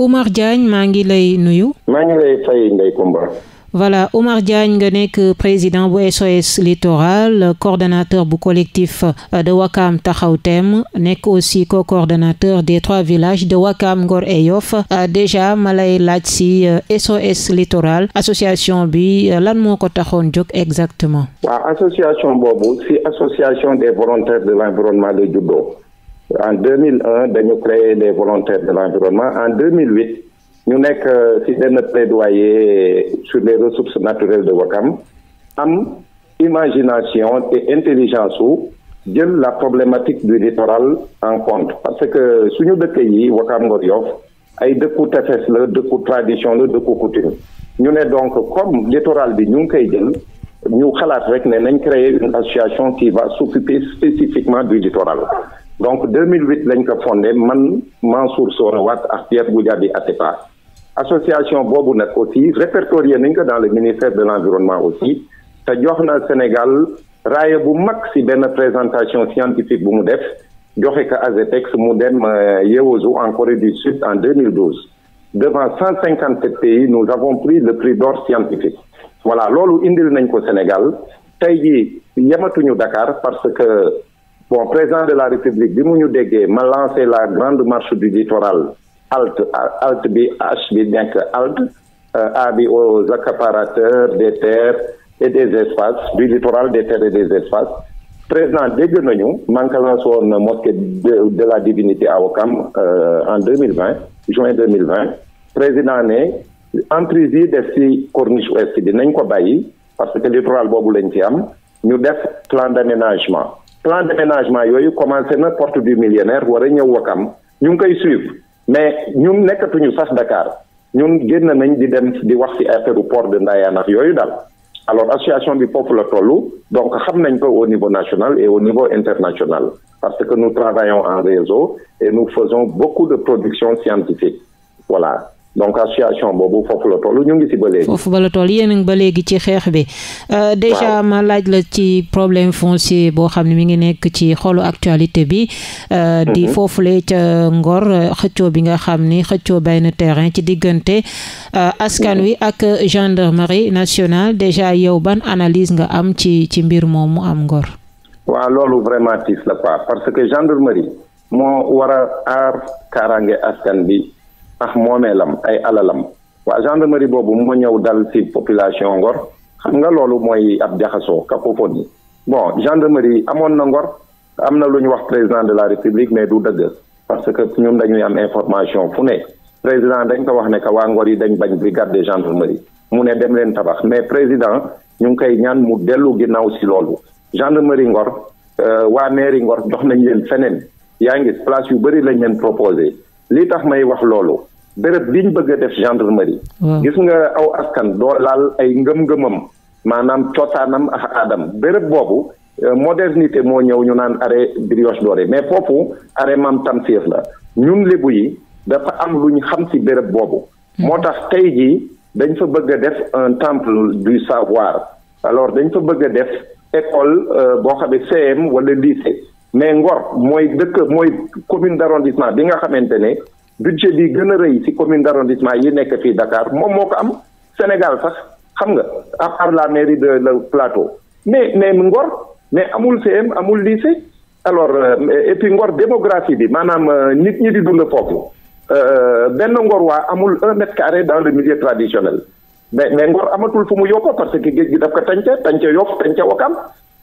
Oumar Diagne maa ngi lay nuyu. maa ngi lay fay Ndeye Comba. voilà Oumar Diagne nga nekk président bu SOS Littoral coordonnateur bu collectif euh, de Wakam Taxaw Thème nekk aussi co-coordonnateur des trois villages de Wakam Ngor et Yoff euh, déjà ma lay laaj si SOS euh, Littoral association bi lan moo ko taxoon jóg exactement. waaw association boobu si association des volontaires de l'environnement de juddoo. en 2001 dañu créer les volontaires de l'environnement en 2008 ñu nekk ci euh, benn plaidoyer sur les ressources naturelles de Wakam am imagination te intelligence su jël la problématique du littoral en contre parce que suñu dëkk yi Wakam Ngor Yoff ay dëkku tefes la dëkku tradition la dëkku coutume ñu ne donc comme littoral bi ñu ngi koy jël ñu xalaat rek ne nañ créer une association qui va s'occuper spécifiquement du littoral donc 2008 lañ ko fondé man Mansour Sora Waat ak Pierre Goudiaby Atepa association boobu nag aussi répertorié nañ ko dans le ministère de l'environnement aussi te jox na Sénégal raaya bu mag ci benn présentation scientifique bu mu def joxe ko AZETEX mu dem euh, Yeosu en Corée du Sud en 2012 devant 157 pays nous avons pris le prix d'or scientifique voilà loolu indil nañ ko Sénégal tey jii yematuñu Dakar parce bon président de la république bi mu ñu déggee ma lancé la grande marche du littoral halte halte bi H bi nekk halte euh, A bi aux accaparateurs des terres et des espaces du littoral des terres et des espaces président dégg nañu man ka lancé woon mosquée de la divinité à Ouakam euh, en 2020 juin 2020 président ne entreprise yi def ci corniche ouest bi nañ ko bàyyi parce que littoral boobu lañ ci am ñu def plan d'aménagement plan d'aménagement yooyu commencé na porte du millionnaire war a ñëw wakam ñu ngi koy suivre mais ñun nekkatuñu sax Dakar ñun génn nañ di dem di wax ci affaire port de Ndayane yooyu daal alors association bi foofu la tollu donc xam nañ ko au niveau national et au niveau international parce que nous travaillons en réseau et nous faisons beaucoup de production scientifique voilà donc association boobu foofu la toll ñu ngi si ba léegi. foofu ba la toll yéen a ba léegi ci xeex bi. Euh, déjà ma laaj la ci problème foncier boo xam ne mi ngi nekk ci xolu actualité bi. Euh, mhm. di foofule ca Ngor xëccoo bi nga xam ni xëccoo benn terrain ci diggante. Euh, askan wi ak gendarmerie nationale déjà yow ban analise nga am ci ci mbir moom mu am Ngor. waaw loolu vraiment tiis la quoi parce que gendarmerie moo war aar kaaraange askan bi. ak lam ay alalam waa gendarmerie boobu moo ñëw dal ci population Ngor xam nga loolu mooy ab jaxasoo cacophonie bon gendarmerie amoon na Ngor am na lu ñu wax président de la république mais du dëgg parce que ñun dañuy am information fu ne président dañ ko wax ne que waa Ngor yi dañ bañ brigade de gendarmerie mu ne dem leen tabax mais président ñu ngi koy ñaan mu dellu ginnaaw ci loolu gendarmerie Ngor euh, waa mairie Ngor jox nañ leen feneen yaa ngi place yu bëri lañ leen proposé lii tax may wax loolu béréb bi ñu bëgg a def gendarmerie. gis nga aw askan doo laal ay ngëm-ngëmam maanaam cosaanam ak aadam béréb boobu. Euh, modernité moo ñëw ñu naan arrêt brioche dorée mais foofu arrêt maam Tamsir la ñun lébu yi dafa am lu ñu xam ci béréb boobu. Hmm. moo tax tey jii dañ fa bëgg a def un temple du savoir alors dañ fa bëgg a def école euh, boo xam ne CM wala lycée mais Ngor mooy dëkk mooy commune d'arrondissement bi nga xamante ne budget bi gën a rëy ci commune d'arrondissement yi nekk fii Dakar moom moo ko am Sénégal sax xam nga à part la mairie de le plateau mais mais Ngor mais amul CM amul lycée alors euh, et Ngor démographie bi maanaam euh, nit ñi di dund foofu euh, benn Ngor waa amul un mètre carré dans le milieu traditionnel mais mais Ngor amatul fu mu yokk parce que géej gi daf ko tànce tànce Yoff tànce Wakam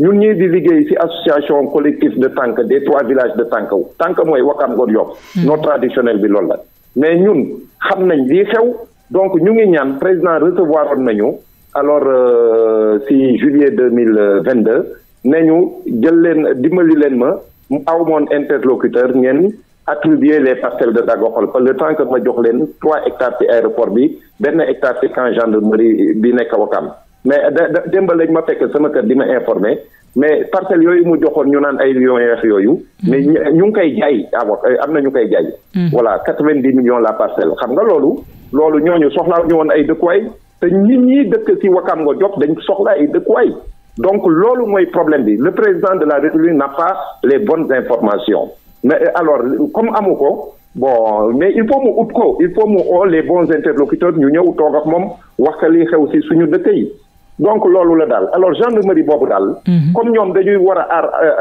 ñun ñii di liggéey ci association collective de Tànk des trois villages de Tànk Tànk mooy Wakam Ngor Yoff hmm. non traditionnel bi lool la mais ñun xam nañ lii xew donc ñu ngi ñaan président recevoir woon nañu alors euh, ci juillet deux mille vingt deux nañu jël leen dimbali leen ma mu aw moon interlocuteur ngeen attribuer les parcelles de Dagoxol par le temps ma jox leen trois hectares ci aéroport bi benn hectare ci camp gendarmerie bi nekk Wakam mais da démb lañ ma fekk sama kër di ma informé mais parcelles yooyu mu joxoon ñu naan ay lion yeex yooyu. mais mm-hmm. ñu ngi koy jaay euh, am na ñu koy jaay. Mm-hmm. voilà quatre vingt dix millions la parcelle xam nga loolu. loolu ñoo ñu soxlaa ñu woon ay dëkkuwaay te nit ñi dëkk ci Wakam nga jot dañ soxla ay dëkkuwaay donc loolu mooy problème bi le président de la République n'a pas les bonnes informations mais euh, alors comme amu ko. bon mais il faut mu ut ko il faut mu oo les bons ñu ñëw toog ak moom wax li xew ci suñu dëkk yi donc loolu la daal alors gendarmerie boobu daal. Mhm. comme ñoom dañuy war a aar euh,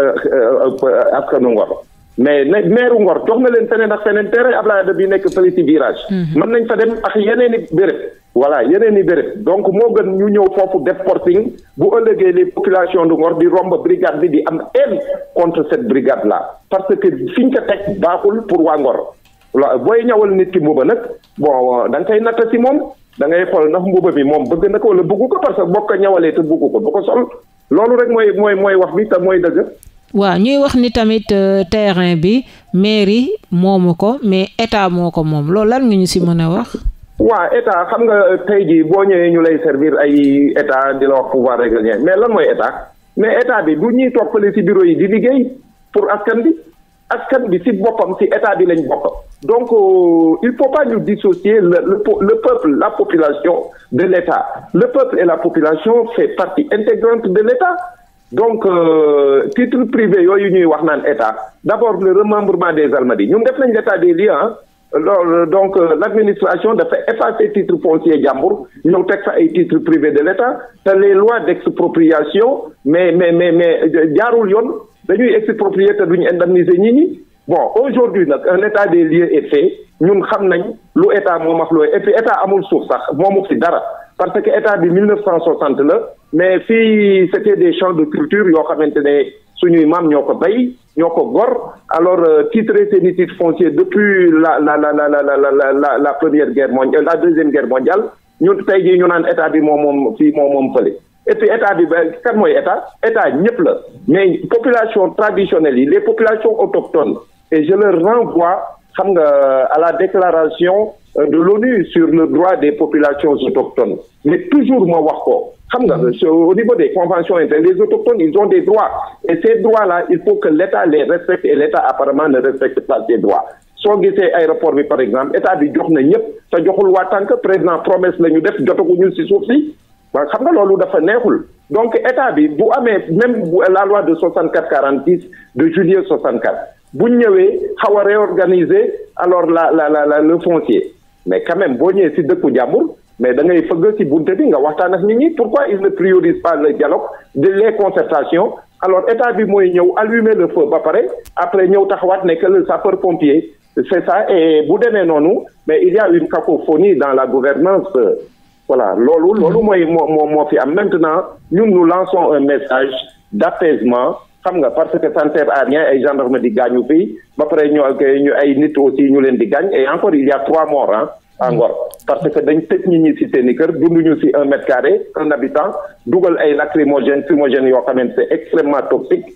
euh, euh, askanu Ngor. mais ne meeru Ngor jox na leen feneen ak feneen terrain Abdoulaye Wade bi nekk fële ci virage. Mhm. mën nañ fa dem ak yeneen i béréb. voilà yeneen i béréb donc moo gën ñu ñëw foofu def forcing bu ëllëgee les populations de Ngor di romb brigade bi di am haine contre cette brigade là parce que fiñ ko teg baaxul pour waa Ngor. waaw booy ñawal nit ki mbuba nag bon da nga koy natt ci moom. da ngay xool ndax mbuba bi moom bëgg na ko wala bëggu ko parce que boo ko ñawalee te bëggu ko bu ko sol loolu rek mooy mooy mooy wax bi te mooy dëgg. waaw ñuy wax ni tamit euh, terrain bi mairie moomu ko mais état moo ko moom loolu lan nga ñu si mën a wax. waa état xam nga euh, tey jii boo ñëwee ñu lay servir ay état di la wax pouvoir régalien mais lan mooy état mais état bi du ñuy toppale si bureau yi di liggéey pour askan bi. askan bi ci boppam ci état bi lañ bokk donc euh, il faut pas nous dissocier le, le le peuple la population de l'état le peuple et la population fait partie intégrante de l'état donc euh, titre privé yooyu ñuy wax naan état d'abord le remembrement des Almadies ñun def nañ l'état des lieux loolu euh, donc euh, l'administration dafa effacer titre foncier jàmbur ñëw teg fa ay titre privé de l'État te les lois d'expropriation mais mais mais mais euh, jaarul yoon dañuy exproprier te duñu indemniser ñi ñi bon aujourd'hui nag un état des lieux est fait ñun xam nañ lu état moom ak looy et puis état amul suuf sax moomu fi dara parce que état bi 1960 la mais fii c'était des champs de culture yoo xamante ne suñuy maam ñoo ko bay ñoo ko gor alors titré seen i titre foncier depuis la la la la la la la la première guerre mondiale la deuxième guerre mondiale ñun tey jii ñu naan état bi moom moom fii moom moom et état bi kan mooy état état ñëpp la mais population traditionnelle yi les populations autochtones et je leur renvoie xam nga à la déclaration euh, de l'ONU sur le droit des populations autochtones mais toujours ma wax ko xam nga euh, au niveau des conventions internes les autochtones ils ont des droits et ces droits là il faut que l'État les respecte et l'État apparemment ne respecte pas ces droits soo gisee aéroport par exemple état bi jox na ñëpp te joxul waa tànk président promesse la ñu def jotaguñu ci suuf si waaw xam nga loolu dafa neexul donc état bi bu amee même la loi de 64 46 de juillet 64 bu ñëwee xaw a réorganiser alors la la la la le foncier mais quand boo ñëwee si dëkku jàmbur mais da ngay fëgg si bunte bi nga waxtaan ak nit ñi pourquoi ils ne priorisent pas le dialogue de les concertations alors état bi mooy ñëw allumer le fo ba pare après ñëw taxawaat ne que le sapeur pompier c'est ça bu demee noonu mais il y a une cacophonie dans la gouvernance euh, voilà loolu loolu mooy moo moo moo fi am maintenant ñun nous lançons un message d'apaisement xam nga parce que ça ne à rien ay gendarme di gaañu fii ba pare ñu ñu ay nit aussi ñu leen di gaañ et encore il y a trois morts hein parce que dañ tëj nit ñi seen i kër dunduñu fi un mètre carré un habitant dugal ay lacrymogène fumogène yoo xamante c'est extrêmement toxique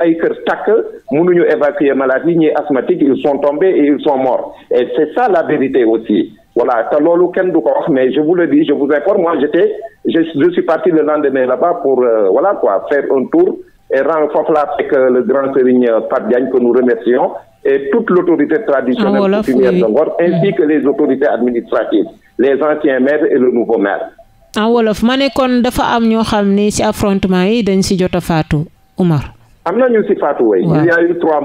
ay kër takk mënuñu évacuer maladie ñi asthmatique ils sont tombés e ils sont morts et c'est ça la vérité aussi voilà te loolu kenn du ko wax mais je vous le je vous informe moi j'étais je, je suis parti le lendemain là-bas pour euh, voilà quoi faire un tour et rendre foofu laa fekk euh, le grand serigne euh, Pape Diagne que nous remercions et toute l'autorité traditionnelle ah, coutumière de Ngor ainsi mm. que les autorités administratives les anciens maires et le nouveau maire en ah, wolof ma ne dafa am ñoo xam ni ci affrontement yi dañ ci jot a faatu am na ñu ci faatu way il y a eu trois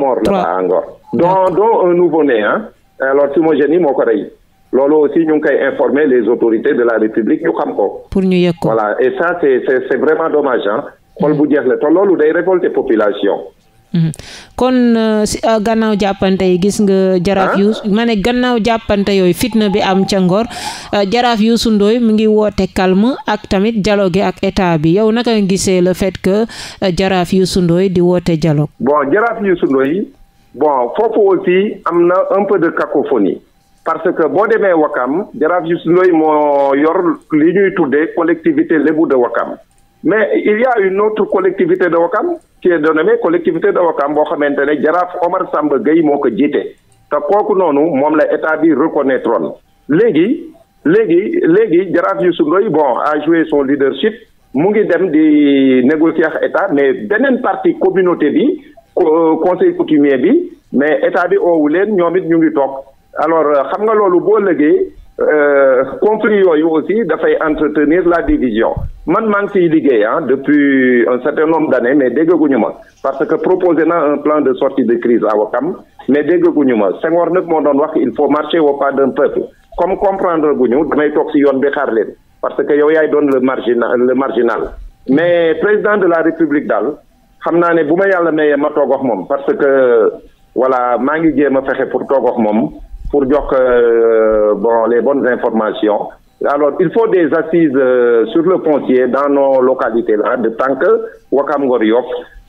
loolu aussi ñu ngi koy informer les autorités de la république ñu xam ko. pour ñu yëg ko voilà et ça c'est c'est vraiment dommage ah. bu jeex la te loolu day révolter population. Mhm. kon euh, si euh, gannaaw jàppante yi gis nga. jaraaf yu ma ne gannaaw jàppante yooyu fitna bi am ca Ngor euh, jaraaf Youssou Ndoye mu ngi woote calme ak tamit dialogue ak état bi yow naka gisee le fait que jaraaf yu Youssou Ndoye di woote dialogue. bon jaraaf Youssou Ndoye bon foofu aussi am na un peu de cacophonie. parce que boo demee Wakam jaraaf Youssou Ndoye moo yor li ñuy tuddee collectivité lébu de Wakam mais il y a une autre collectivité de Wakam qui est dénommée collectivité de Wakam boo xamante ne jaraaf Omar Samba Gueye moo ko jiite te kooku noonu moom la état bi reconnaître woon léegi léegi léegi jaraaf Youssou Ndoye bon a joué son leadership mu ngi dem di négocier ak état mais beneen partie communauté bi euh, conseil coutumier bi mais état bi owu leen ñoom it ñu ngi toog alors euh, xam nga loolu boo lëgee euh, conflit yooyu aussi dafay entretenir la division man maa ngi siy liggéey ah depuis un certain nombre d'années mais déggaguñu ma parce que proposé na un plan de sortie de crise à mais déggaguñu ma Senghor nag moo doon wax il faut marcher au pas d'un peuple comme comprendre guñu damay toog si yoon bi xaar leen parce que yow yaay doon le marginal le marginal mais président de la république daal xam naa ne bu ma yàlla mayee ma toog ak moom parce que voilà maa ngi jéem a fexe pour toog ak moom pour jox euh, euh, bon les bonnes informations alors il faut des assises euh, sur le foncier dans nos localités là de tant que Wakam Ngor Yoff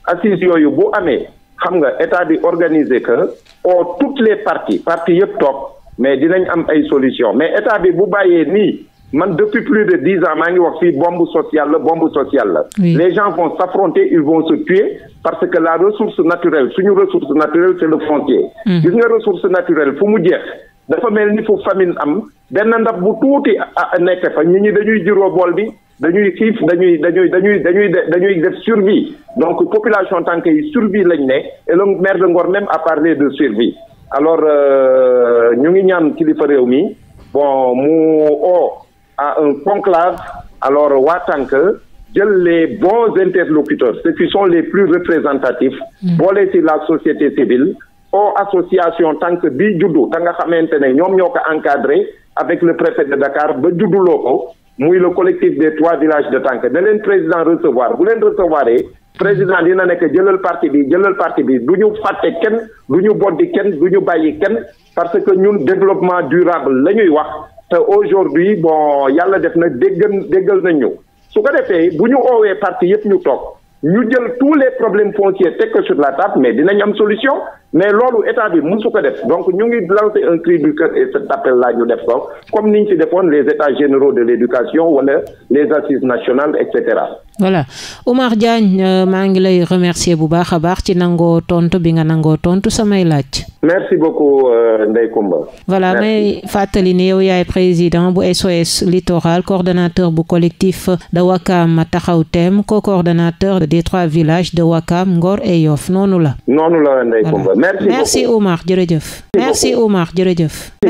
assises yooyu bu amee xam nga état bi organiser que au toutes les parties parties yëpp toog mais dinañ am ay solution mais état bi bu bàyyee nii man depuis plus de dix ans maa ngi wax fii bombe sociale la bombe sociale la. les gens vont s'affronter ils vont se tuer parce que la ressource naturelle suñu ressource naturelle c'est le foncier. Mm. gis nga ressource naturelle fu mu jeex. dafa mel ni fu famine am benn ndab bu tuuti nekk fa ñi ñi dañuy jiroo bool bi dañuy xiif dañuy dañuy dañuy dañuy dañuy def survi donc population tànk yi survie lañ ne et le maire de Ngor même a parlé de survie alors euh, ñu ngi ñaan kilifa réew mi ah un conclave alors waa tànk jël les bons interlocuteurs ceux qui sont les plus représentatifs hmm. boole ci la société civile aux association tànk bi juddu da nga xamante ne ñoom ñoo ko encadré avec le préfet de Dakar ba judduloo ko muy le collectif des trois villages de tànk da leen président recevoir bu leen recevoir président dina nekk jëlal parti bi jëlal parti bi du ñu fàtte kenn du ñu boddi kenn du ñu bàyyi kenn parce que ñun développement durable la ñuy wax te aujourd'hui bon yàlla def na déggal déggal nañ ñu su ko defee bu ñu oowee parti yëpp ñu toog ñu jël tous les problèmes fonciers teg ko sur la table mais dinañ am solution mais loolu état bi mësu ko def donc ñu ngi lancer un cri du cœur def ko comme ni ñu ci defoon les états généraux de l'éducation wala les assises nationales et cetera. voilà euh, maa ngi lay remercier bu baax a baax ci nangoo tontu bi nga nangoo tontu samay laaj. merci beaucoup euh, Ndeye Comba. voilà may fàttali ni yow yaay président bu SOS Littoral coordonnateur bu collectif de Wakam taxaw teem co-coordonnateur des trois villages de Wakam Ngor et Yoff noonu la. noonu la Ndeye merci beaucoup merci Oumar jërëjëf. merci Oumar jërëjëf.